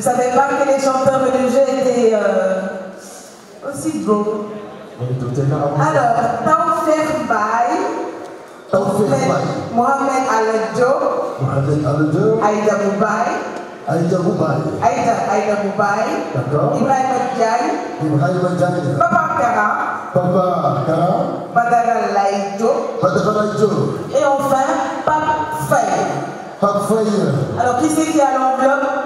ne savais pas que les chanteurs religieux étaient euh, aussi beaux. Alors, Tawfekh Baye. Tawfekh Baye. Mohamed Aladio. Mohamed Aladio. Aïda Moubaye. Aïda Moubaye. Aïda Aïda Moubaye. D'accord. Ibrahima Diagne. Ibrahima Diagne. Papa Kara. Papa Kara. Badara Laye Diop. Badara Laye Diop. Et enfin, Pape Faye. Pape Faye. Alors, qui c'est qui a l'enveloppe?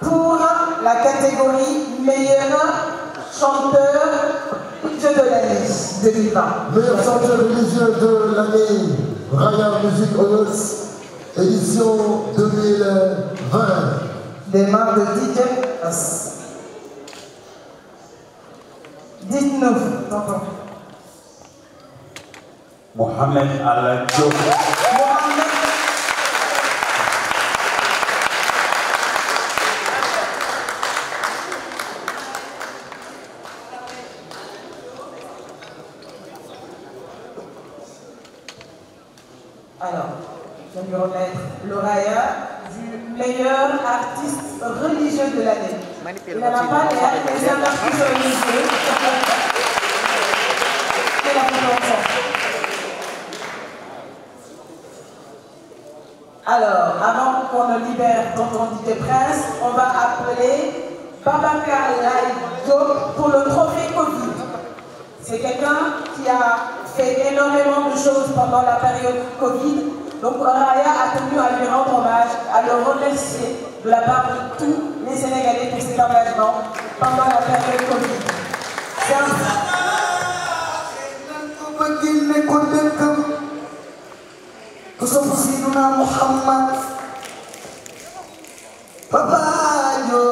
pour la catégorie meilleur chanteur religieux de l'année 2020. Meilleur chanteur religieux de l'année Raya Music Awards édition 2020. Des mains de DJ As. 19, pardon. Mohamed Alain Diop. Donc Raya a tenu à lui rendre hommage, à le remercier de la part de tous les Sénégalais pour cet engagement pendant la période Covid. Papa, yo,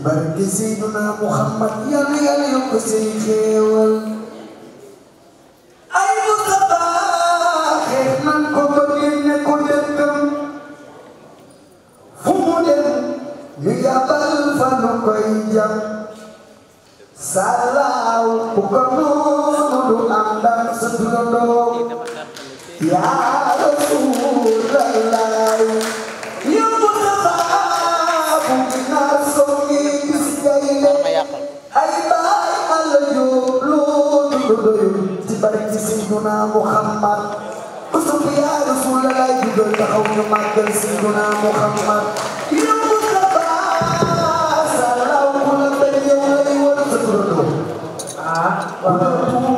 barke Seydina Muhammad yàlla yàlla yokk say xéewal ay bu tabaaxee nan ko bëggee ne ko dëkkam fu mu dem ñu yabal fa nu koy jam salaaw ku ko noonu du àndam barke Seydina Muhammad bësub yaa Rasulallah jugal taxaw ñu màggal Seydina Muhammad ah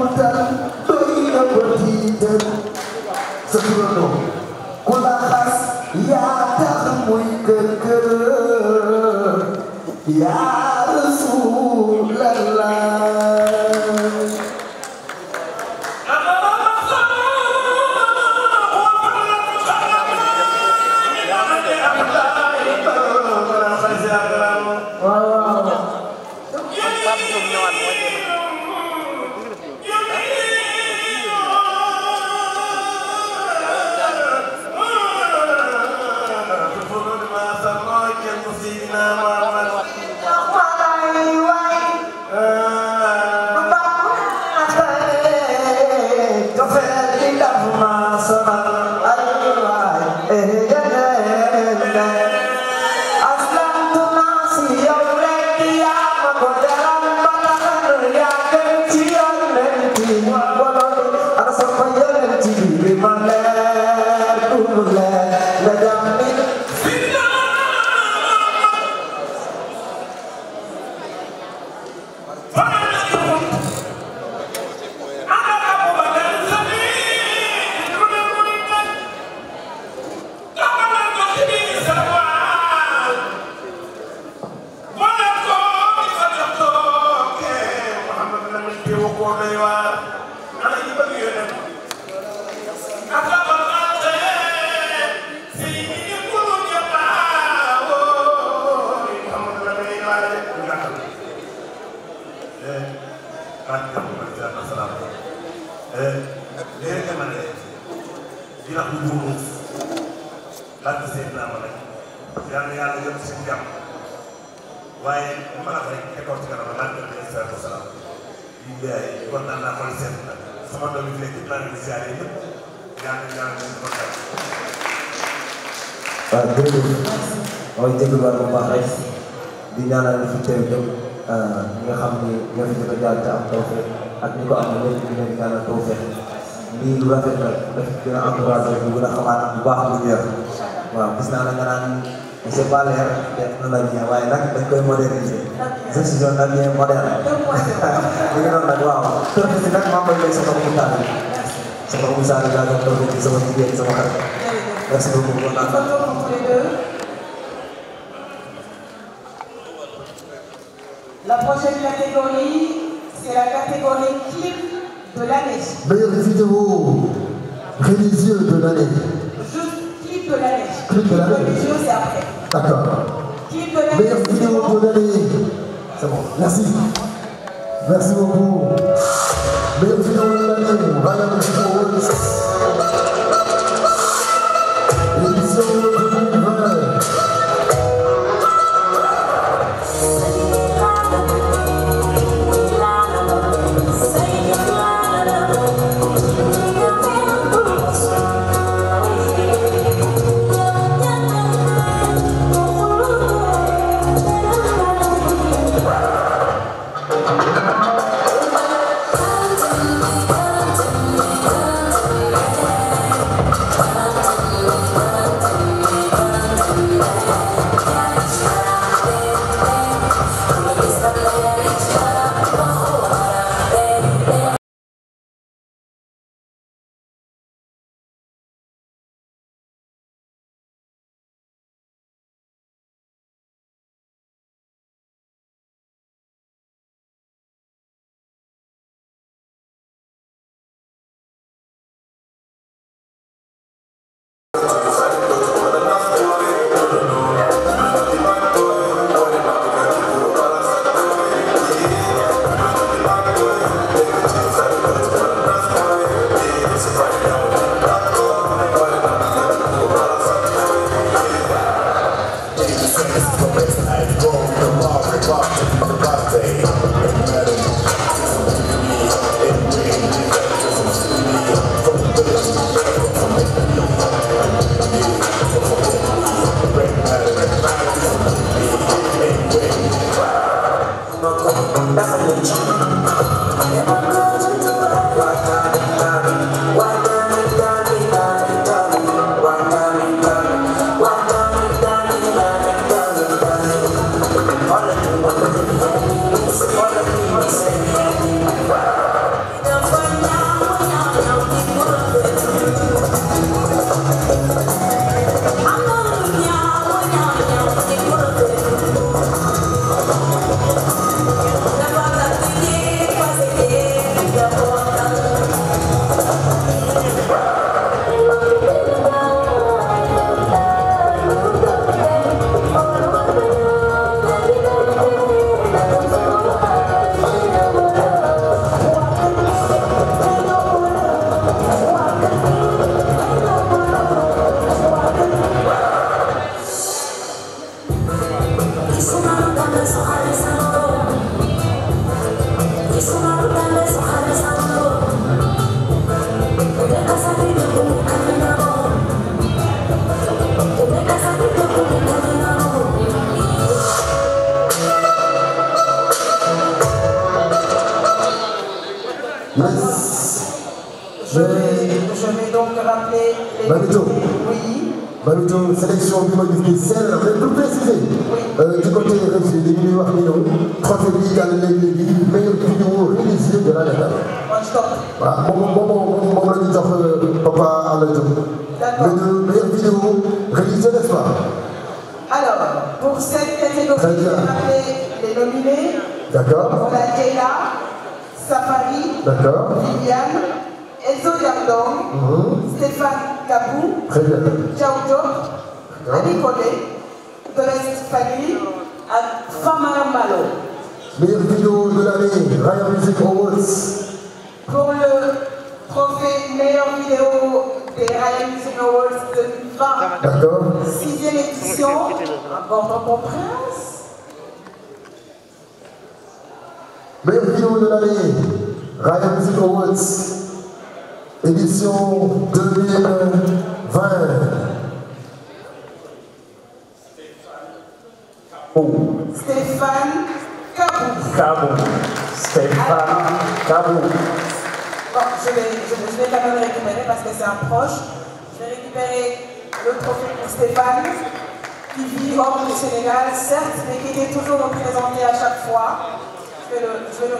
kontaan naa xool seen sama doom yi nekk ci plan de ziar yi ñëpp ñaata ñaata ñu kontaan. waaw jërëjëf mooy jégaluwaat bu baax rek di ñaanal fi teew ñëpp ah, nga xam ni ñoo fi jot a jaar te am tawfeex ak ñi ko am ñëpp ñu leen ñaanal tawfeex lii lu rafet la daf gën a encouragé ñu gën a xamaat bu baax lu ñu yor waaw gis naa la nga naan c'est pas leer def na la bien waaye nag dañ koy moderniser gestion nag bien moderne noonu nag waaw tur bi si nag maa koy jox sama mutaale bi. sama mutaale bi laa doon doon déglu sama jigéen sama xarit. merci beaucoup bon La prochaine catégorie, c'est la catégorie clip de l'année. Meilleure vidéo religieuse de l'année. Juste clip de l'année. Clip de l'année. Religieux, c'est après. D'accord. Clip de l'année. Meilleure vidéo de l'année. C'est bon, merci. Merci beaucoup. moom moom moom la ñu jox papa Alioune mais de meilleure vidéo réalisée n'est-ce pas. alors pour cette catégorie. très bien les nominés. d'accord on a Dieyla. Safari. d'accord Viviane. Enzo Yardong. Mm-hmm. Stéphane Kabou. très bien Diao Diop. Ami Collé. Dorès Fagui ak Famara Malo. meilleure vidéo de l'année Raya Music Awards. pour le trophée meilleure vidéo des Rally Music Awards 2020. D'accord. Sixième édition, à Bordeaux-Port-Prince. Meilleure vidéo de l'année, Rally Music Awards, édition 2020. Oh. Stéphane Kabou. Kabou. Stéphane Kabou. Bon, je vais, je, je vais quand même récupérer parce que c'est un proche. Je vais récupérer le trophée pour Stéphane, qui vit hors du Sénégal, certes, mais qui était toujours représenté à chaque fois. Je vais le,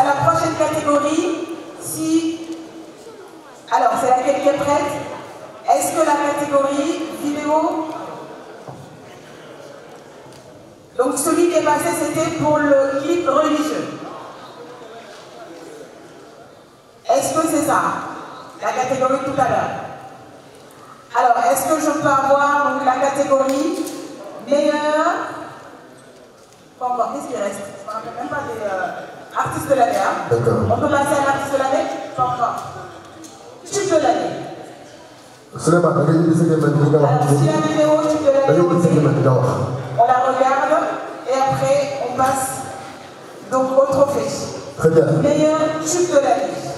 à la prochaine catégorie. Si Alors, c'est laquelle qui est Est-ce que la catégorie vidéo Donc, celui qui passé, c'était pour le clip religieux. Est-ce que c'est ça La catégorie tout à l'heure. est-ce que je peux avoir donc, la catégorie meilleure Pas encore, quest reste pas des euh, de l'année. On peut passer à l'artiste de l'année Pas encore. tuju la de. Souleymane da ngay indi sa gémmiñ bi nga wax. da ngay indi sa gémmiñ bi nga wax. on la regarde et après on passe donc autre fait. très bien meilleur tube de la vie.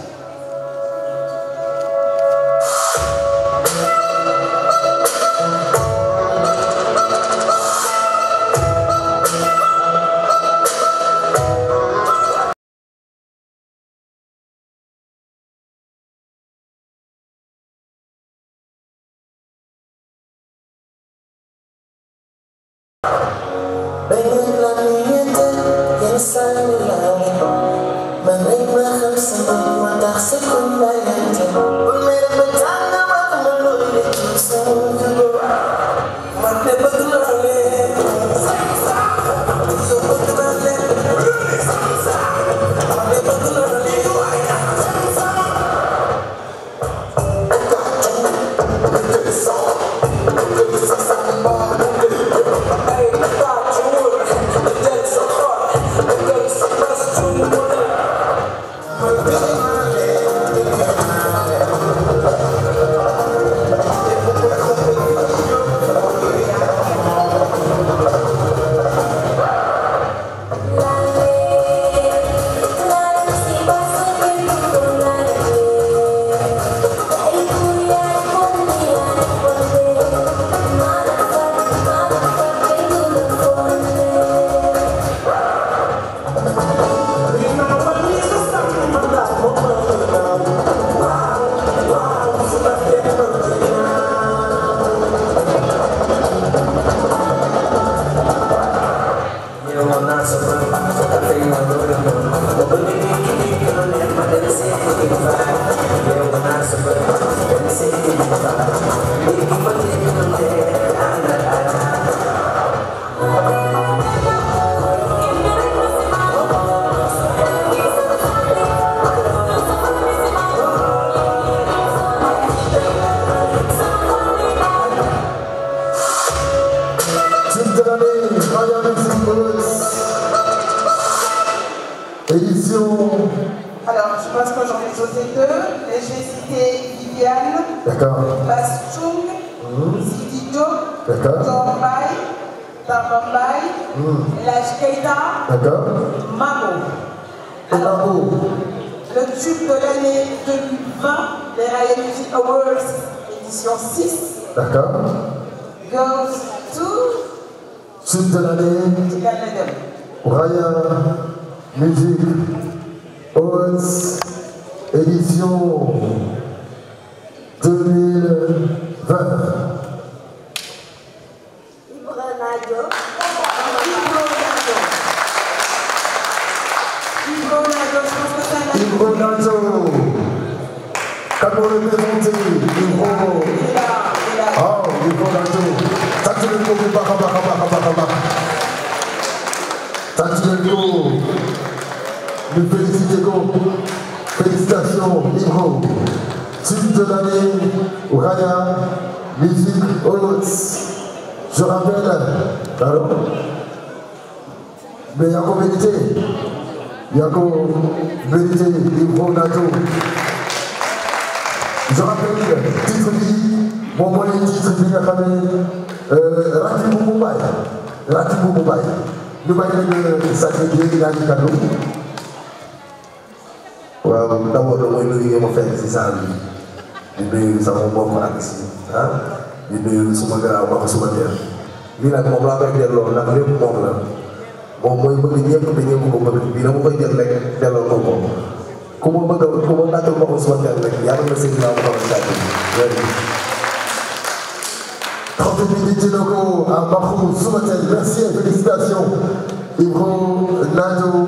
entre ces deux, et j'ai cité Viviane, Bastung, mmh. Sidito, Torbay, Tarambay, mmh. Lachkeita, Mamo. Alors, Mamo. le tube de l'année 2020, les Ryan Music Awards, édition 6. D'accord. Goes to. Tube de l'année. Ryan Music Awards. édition 2020. Ibro Nadio. Kabore Mémonté, Ibro. Oh, Ibro Nadio. Tatu leen ko bu baax a baax a baax a baax. Tatu leen ko. Ñu félicité ko. Félicitations, Ibro. Titre de l'année, Raya, musique Honox. a qu'on mérité. Il y a qu'on mérité, Ibro Nato. Je rappelle, titre bi moom mooy titre bi nga xam ne Rati bu Mumbai Rati bu Mumbai ñu bàyyi leen Sadio Dieng ñaari kàddu waaw d'abord damay nuyu ngeen ma fekk si saal bi di nuyu sama mbokk ak si ah di nuyu suma garaaw ba ko suma teer lii nag moom laa koy delloo ndax lépp moom la moom mooy bëgg ñëpp te ñëpp ko bëgg bii dama koy jël rek delloo ko moom ku ma bëgg a ku ma tàccal ba ko suma teer rek yàlla na sëñ naa ma ko tàcc Tante Bidi Dinogo à Bakou Soumatel, merci et félicitations. Ibro Nado,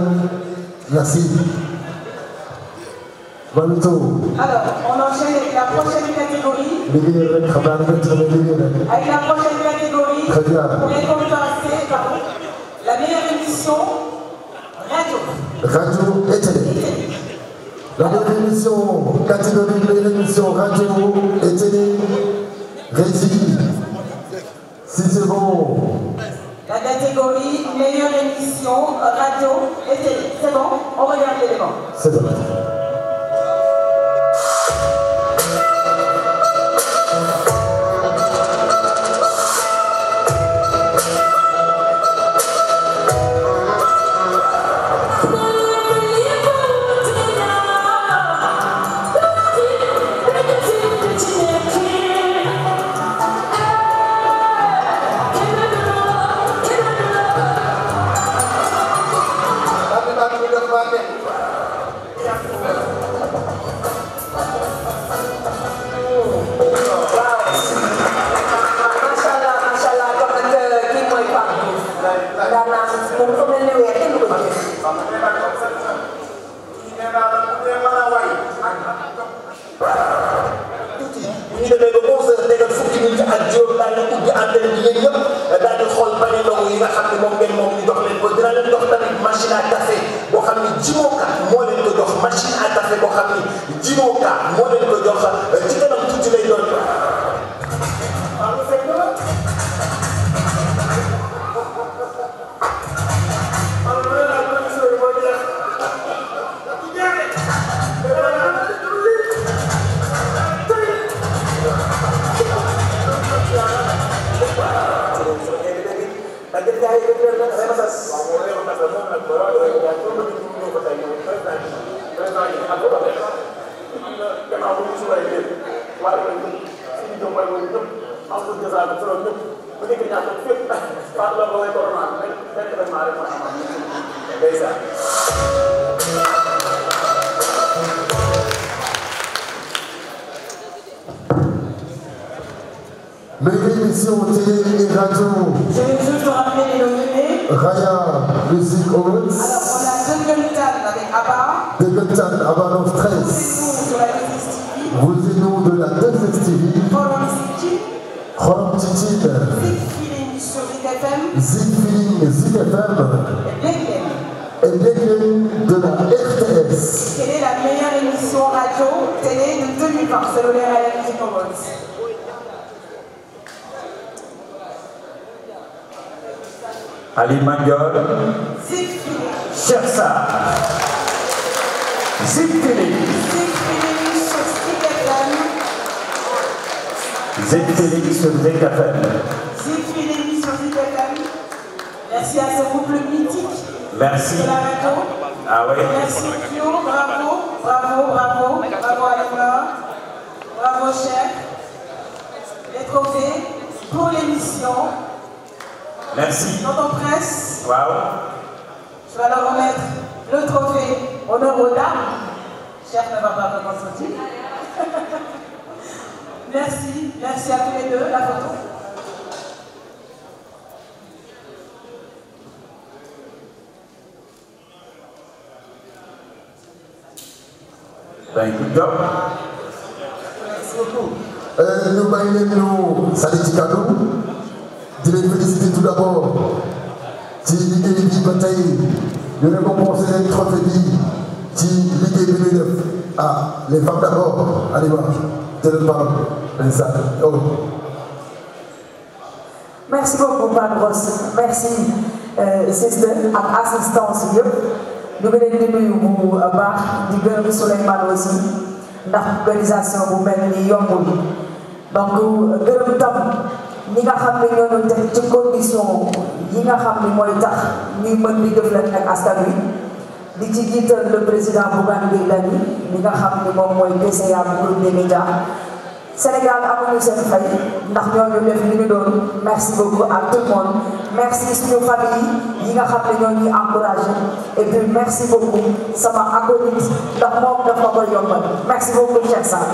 merci. Bantu. alors la prochaine catégorie. liggéey rek xam naa ne dina liggéey rek. la prochaine catégorie. pour récompenser pardon la meilleure émission radio. radio et la meilleure émission catégorie meilleure émission radio et télé si c'est bon. La catégorie meilleure émission radio et C'est bon, on regarde l'élément. C'est bon. maa rek ma amal day sax Mesdames et messieurs, télé et radio. Je vais juste rappeler les nominés. Raya Music Awards. Alors, on a Deguntan avec Abba. Deguntan, Abba 913. Vous et nous de la 2 TV. Vous et nous de la 2 TV. Holland Titi. Holland Titi. sur Zik FM. Zik Feeling Zik FM. L'église. Et l'église de la RTS. Quelle est la meilleure émission radio télé de 2020 selon les réalités du Cambodge Ali Mangol. Zik Feeling. Chersa. Zik Feeling. Zik Feeling sur Zik FM. Zik Feeling sur Zik FM. Zik Feeling. Merci à ce couple mythique. Merci. De la radio. Ah ouais. Merci Pio, bravo, bravo, bravo, bravo Alima, bravo cher. Les trophées pour l'émission. Merci. Tonton Presse. Waouh. Je vais alors le trophée honneur Cher ne va pas merci, merci à tous les deux, la photo. dañ ko jàpp. ñu bàyyi leen ñu sali ci kàddu di leen féliciter tout d'abord ci liggéey bi ba tey ne récompensé leen trophée bi ci liggéey bi ñuy def ah les femmes d'abord Alima jëlal parole dañ sàkk merci beaucoup Pape Ross merci euh, sister ak assistance yëpp. ñu ngi leen di nuyu bu baax di gërëm Souleymane aussi ndax organisation bu mel ni yombul donc gërëm tam ñi nga xam ne ñoo ñu teg ci condition yi nga xam ne mooy tax ñuy mën di jëflante ak askan wi di ci jiital le président Bougane Gueye Dany mi nga xam ne moom mooy PCA bu groupe des médias Sénégal amuñu seen fay ndax ñooñu def li ñu doon merci beaucoup à tout le monde merci suñu famille yi nga xam ne ñoo ñuy encouragé et puis merci beaucoup sama acolyte ndax moom daf ma koy yombal merci beaucoup Cheikh Sarr.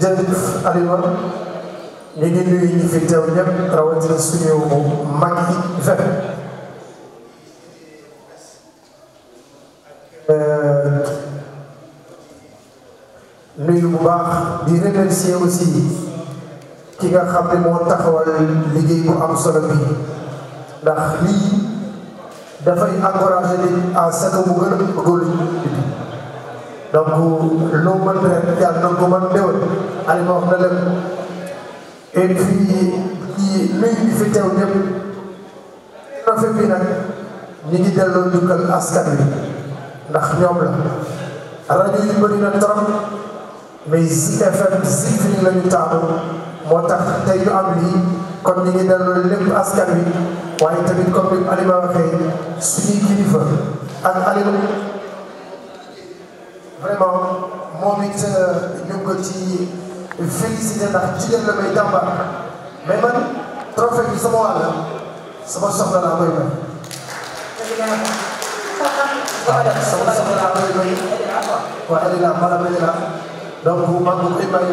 jërëjëf Aliou ñu ngi nuyu ñi fi teew ñëpp mag yi nuyu bu baax di remercier aussi ki nga xam ne moo taxawal liggéey bu am solo bi ndax lii dafay encouragé nit à ce que mu gën a góorlu donc loo mën rek ko mën déwén bi nag ñu ngi delloo njukkal askan wi ndax ñoom la rajo yi trop mais Zik FM Zik la ñu taamu moo tax tey ñu am lii kon ñu ngi delloo lépp askan wi waaye tamit comme ni Alima waxee suñuy kilifa ak Alima vraiment moom it euh, ñu ngi ko ci félicité ndax jigéen la may jàmbaar mais man trophée bi sama wàll sama soxla laa koy may. sama soxla laa koy may waaye Alima bala may la. donc man bu koy may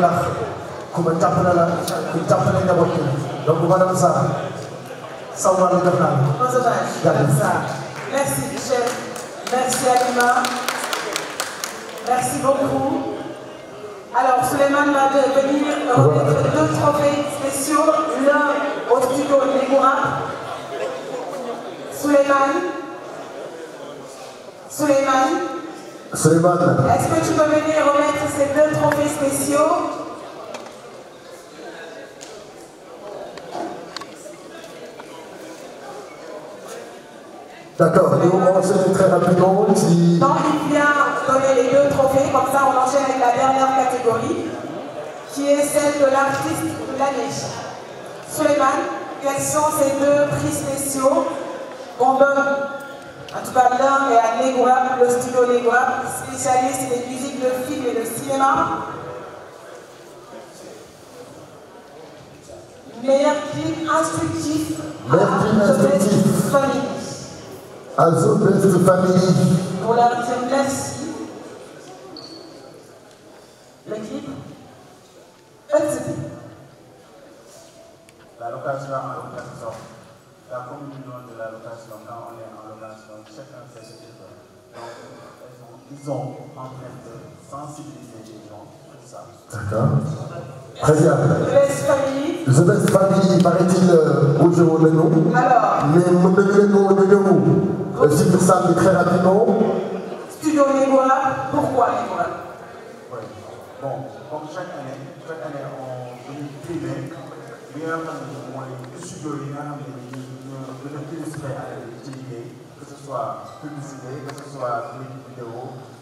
ku ma jàppale la ku jàppale njaboot bi donc madame Sarr sama wàllu def naa ko. jaajëf merci chef merci Alima merci beaucoup. alors Souleymane va venir remettre deux trophées spéciaux l'un au studio Nekoura Souleymane Souleymane. Freeman. Est-ce que tu peux venir remettre ces deux trophées spéciaux D'accord, nous on enchaîne très deux trophées, comme ça on avec la dernière catégorie, qui est celle de l'artiste de l'année. Suleiman, quels sont ces deux prix spéciaux Toubablon et à Négoa, le studio Négoa, spécialiste des musiques de film et de cinéma. Meilleur clip instructif. Meilleur clip instructif. Famille. Azul Best Family. Pour la deuxième place. D'accord. Très bien. The best family paraît-il au le nom. mais mën nañu leen ko ñëw. Cyprien Sall très rapidement. studio Nicolas pourquoi Nicolas. oui bon comme chaque année chaque année on dañuy primé li nga xam ne mooy studio yi nga xam ne dañuy dañoo ci liggéey que ce soit publicité que ce soit vidéo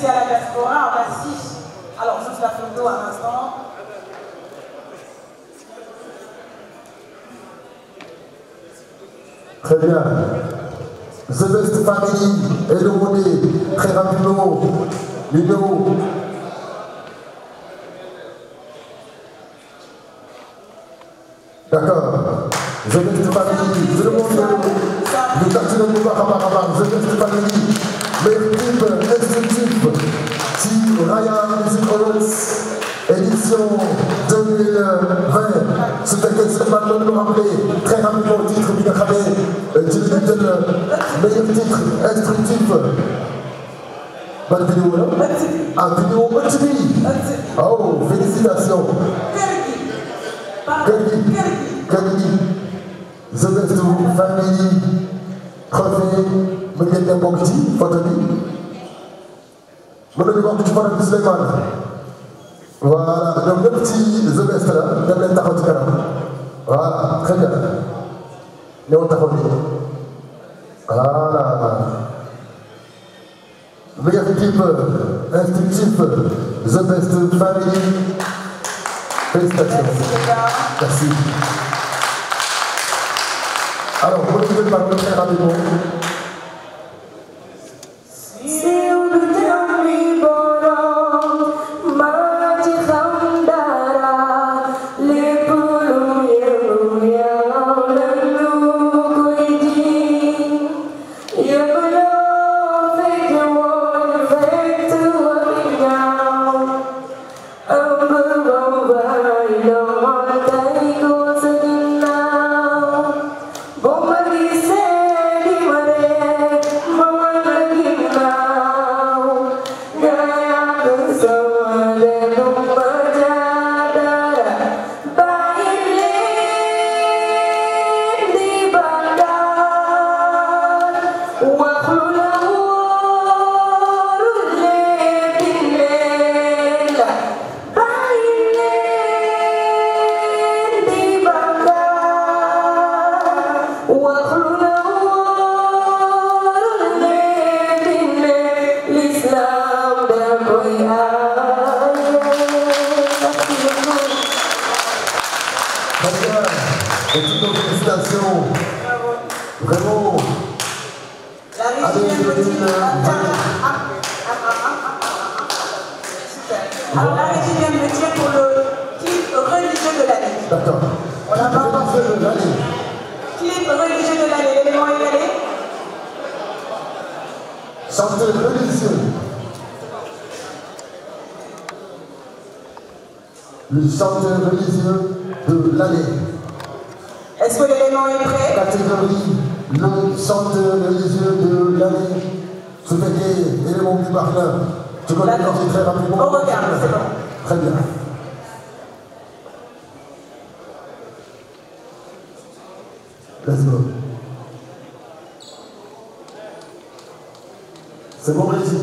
Merci à la diaspora, merci. Alors, juste la photo un instant. Très bien. The Best Family est déroulé très rapidement. Numéro D'accord. Je laisse le famille, je le montre. Nous tartinons nous, Bahamarabar, je laisse le famille. deux mille vingt su fekkee seen baat loolu nga xam ne très rapidement titre bi nga xam ne ci biir jël meilleur titre instructif ban vidéo la ah vidéo ëtt bi ah, oh félicitations. kër gi kër gi jeunesse su famille trophée mën ngeen dem bokk ci photo bi mën nañu bokk ci photo bi Souleymane voilà ñoom ñëpp ci ZBS la dem leen taxaw ci kanam voilà xëy na ñëw taxaw bi voilà. meilleure équipe instructive ZBS Family félicitations merci alors vous pouvez parler très rapidement. de l'année. Qui est le religieux de l'année L'élément égalé Chanteur religieux. Le chanteur religieux de l'année. Est-ce que l'élément est prêt Catégorie, le chanteur religieux de l'année. Sous-traité, élément du partenaire. Tu connais l'identité très rapidement On regarde, c'est bon. Très bien. Let's go. C'est bon, Brigitte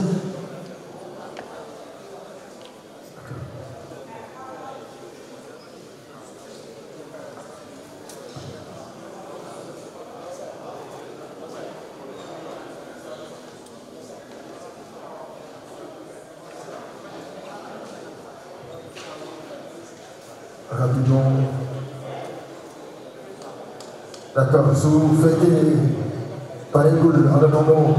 d'accord su fekkee pareegul en attendant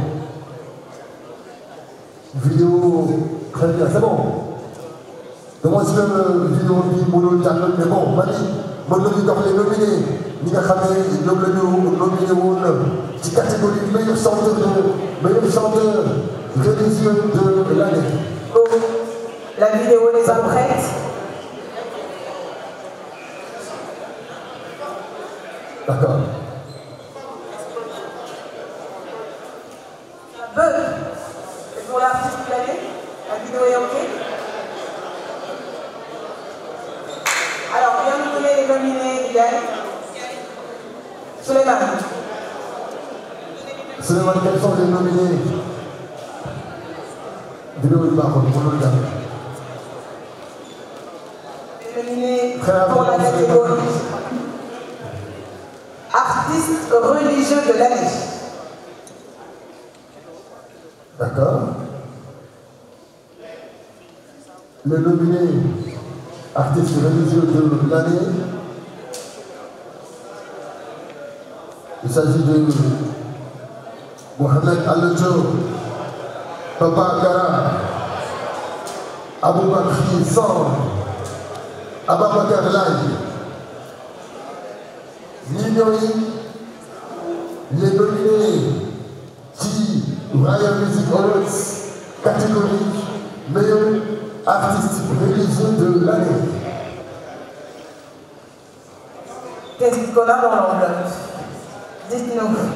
vidéo très bien c'est bon dama si même vidéo bi mënul jàngal mais bon man mën nañu jox les nominés ñi nga xam ne ñoom la ñu nominé woon ci catégorie meilleur chanteur de meilleur chanteur religieux de l'année. Donc la vidéo est prête. D'accord. Buzz, c'est pour l'artiste de l'année La vidéo est OK Alors, bien nous donner les nominés hier. Souleymane. Souleymane, quels sont les nominés Vidéo est par contre, pour le Les nominés pour la catégorie. artiste religieux de l'année. D'accord. Le nominé artiste religieux de l'année, il s'agit de Mohamed Alonso, Papa Gara, Aboubakri San, Ababakar Lai. millions yi les dominés ci Royal Music Awards catégorie meilleur artiste religieux de l'année. Qu'est-ce qu'on a dans l'enveloppe? Dites-nous.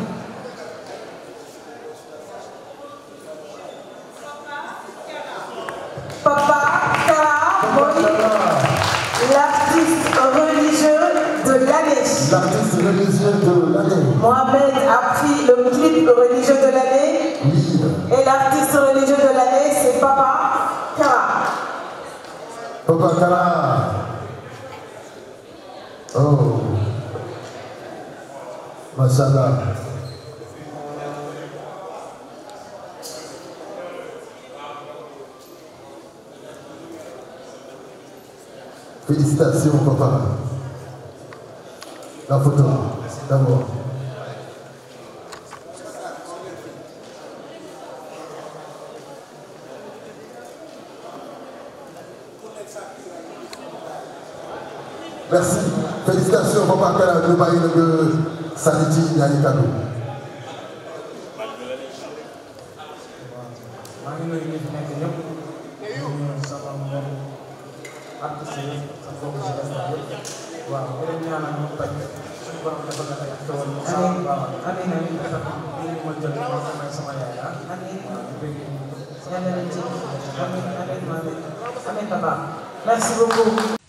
Boubacara oh macha allah félicitations papa la photo d'abord merci félicitations Papa Kara ñu bàyyi la nga sànni ci ñaari kàddu. maa ngi nuyu ñi fi nekk ñëpp ñu sama mbokk ak si sa mbokk si resta yëpp waaw bu leen ñaanal ñu bañ suñu borom defal la ay xewal mu sa waaw amiin amiin defal ñu ma jël ma sama sama yaay ah amiin bëgg yàlla ci amiin amiin amiin papa merci beaucoup